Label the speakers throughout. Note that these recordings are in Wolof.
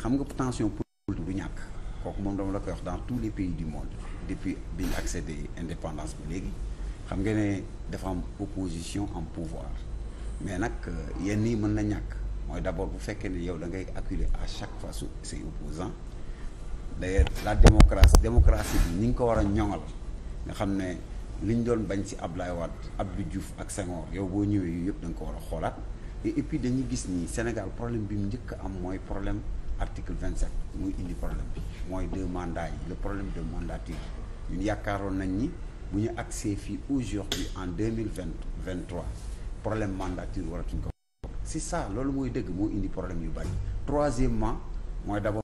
Speaker 1: xam nga tension politique du ñàkk kooku moom dama la koy wax dans tous les pays du monde depuis bi ñu accédé indépendance bi léegi xam nga ne dafa am opposition am pouvoir mais nag euh, yenn yi mën na ñàkk mooy d'abord bu fekkee ne yow da ngay acculer à chaque fois su say opposants d'ailleurs la démocratie démocratie bi ñi ngi ko war a ñoŋal nga xam ne li ñu doon bañ si ci Ablaye Wade Abdou Diouf ak Senghor yow boo ñëwee yu yëpp da nga ko war a xoolaat et puis dañuy gis nii Sénégal problème bi mu njëkk am mooy problème article vingt sept muy indi problème bi mooy deux mandats yi le problème de mandature ñun yaakaaroon nañ ni bu ñu accès fii aujourd'hui en deux mille vingt vingt trois problème mandature waratuñ ko. c'est ça loolu mooy dëgg moo indi problème yu bari troisièmement mooy d'abord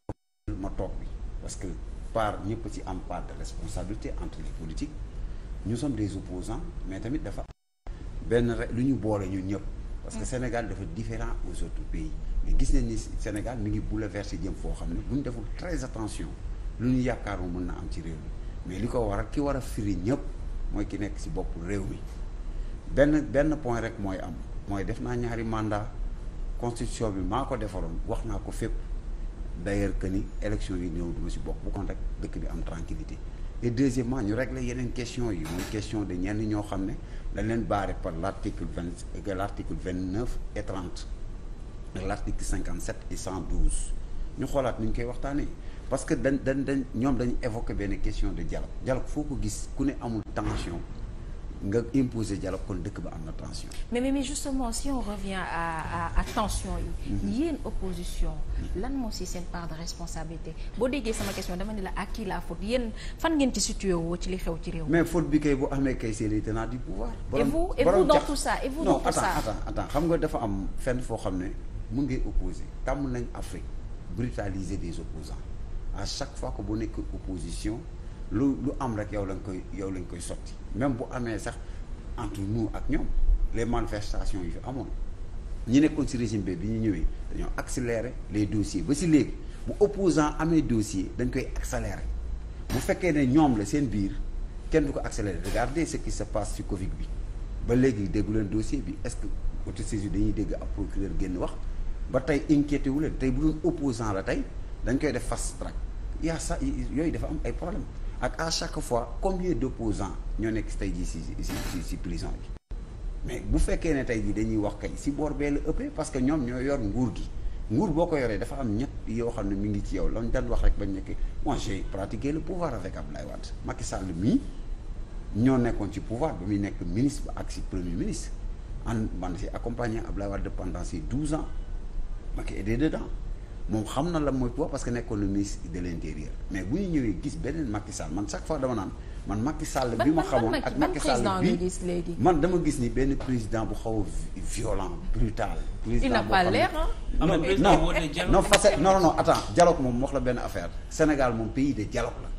Speaker 1: ma toog bi parce que par ñëpp ci am part de responsabilité entre les politiques ñu sommes des opposants mais tamit dafa benn rek lu ñu boole ñun ñëpp. parce que Sénégal dafa différent aux autres pays mais gis nañ ni Sénégal mi ngi a bouleversé jëm foo xam ne bu ñu deful très attention lu ñu yaakaaroon mën na am ci réew mi mais li ko waral ki war a firi ñëpp mooy ki nekk ci bopp réew mi benn benn point rek mooy am mooy def naa ñaari mandat constitution bi maa ko defaroon wax naa ko fépp d'ailleurs que ni élection yi ñëw duma ci bokk bu kon rek dëkk bi am tranquillité et deuxièmement ñu régler yeneen question yi mooy question de ñenn ñoo xam ne dañ leen barré par l' article vingt euh, l' article vingt neuf et trente ak l' article cinquante sept et cent douze ñu xoolaat nu ñu koy waxtaanee parce que dañ dañ dañ ñoom dañu évoqué benn question de dialogue dialogue foo ko gis ku ne amul tension nga imposer dialogue kon dëkk ba am na tension. mais mais justement si on revient à à, à tension yi. Mhm. yéen opposition. lan moo si seen part de responsabilité boo déggee sama question dama ne la à qui la faute yéen fan ngeen ci situé woo ci li xew ci réew mais faute bi kay bu amee kay c'est les tenants du pouvoir. et vous et vous dans tout ça et vous dans tout ça non attends xam nga dafa am fenn foo xam ne mun ngi opposé tàmm nañ Afrique brutaliser des opposants à chaque fois bu nekk opposition. lu lu am rek yow lañ koy yow lañ koy sotti même bu amee sax entre nous ak ñoom les manifestations yu fi amoon ñu nekkoon ci régime bi bi ñu ñëwee dañoo accélérer les dossiers ba si léegi bu opposant amee dossier dañ koy accélérer bu fekkee ne ñoom la seen biir kenn du ko accélérer regardez ce qui se passe ci Covid bi ba léegi déggu leen dossier bi est-ce que autosaisine dañuy dégg ab procureur génn wax ba tey inquiété wu leen tey bu doon opposant la tey dañ koy def fast track yaa sa yooyu dafa am ay problème ak à chaque fois combien d'opposants ñoo nekk tey jii si si si prison bi mais bu fekkee ne tey jii dañuy wax kay si boor bee la ëppee parce que ñoom ñoo yor nguur gi nguur boo ko yoree dafa am ñett yoo xam ne mu ngi ci yow lañ daan wax rek bañ nekk moi j'ai pratiqué le pouvoir avec Abdoulaye Wade Macky Sall mii ñoo nekkoon ci pouvoir ba muy nekk ministre ba ak ci premier ministre en man si accompagné Abdoulaye Wade pendant ces douze ans Macky était dedans moom xam na la mooy pouvoir parce que nekkoon na ministre de l' mais bu ñu ñëwee gis beneen Macky Sall man chaque fois dama naan man makki Sall bi ma xamoon ak Macky Sall bi man dama gis ni benn président bu xaw a violent brutal président il n'a pas l'air non non non non attends dialogue moom wax la benn affaire Sénégal moom pays de dialogue la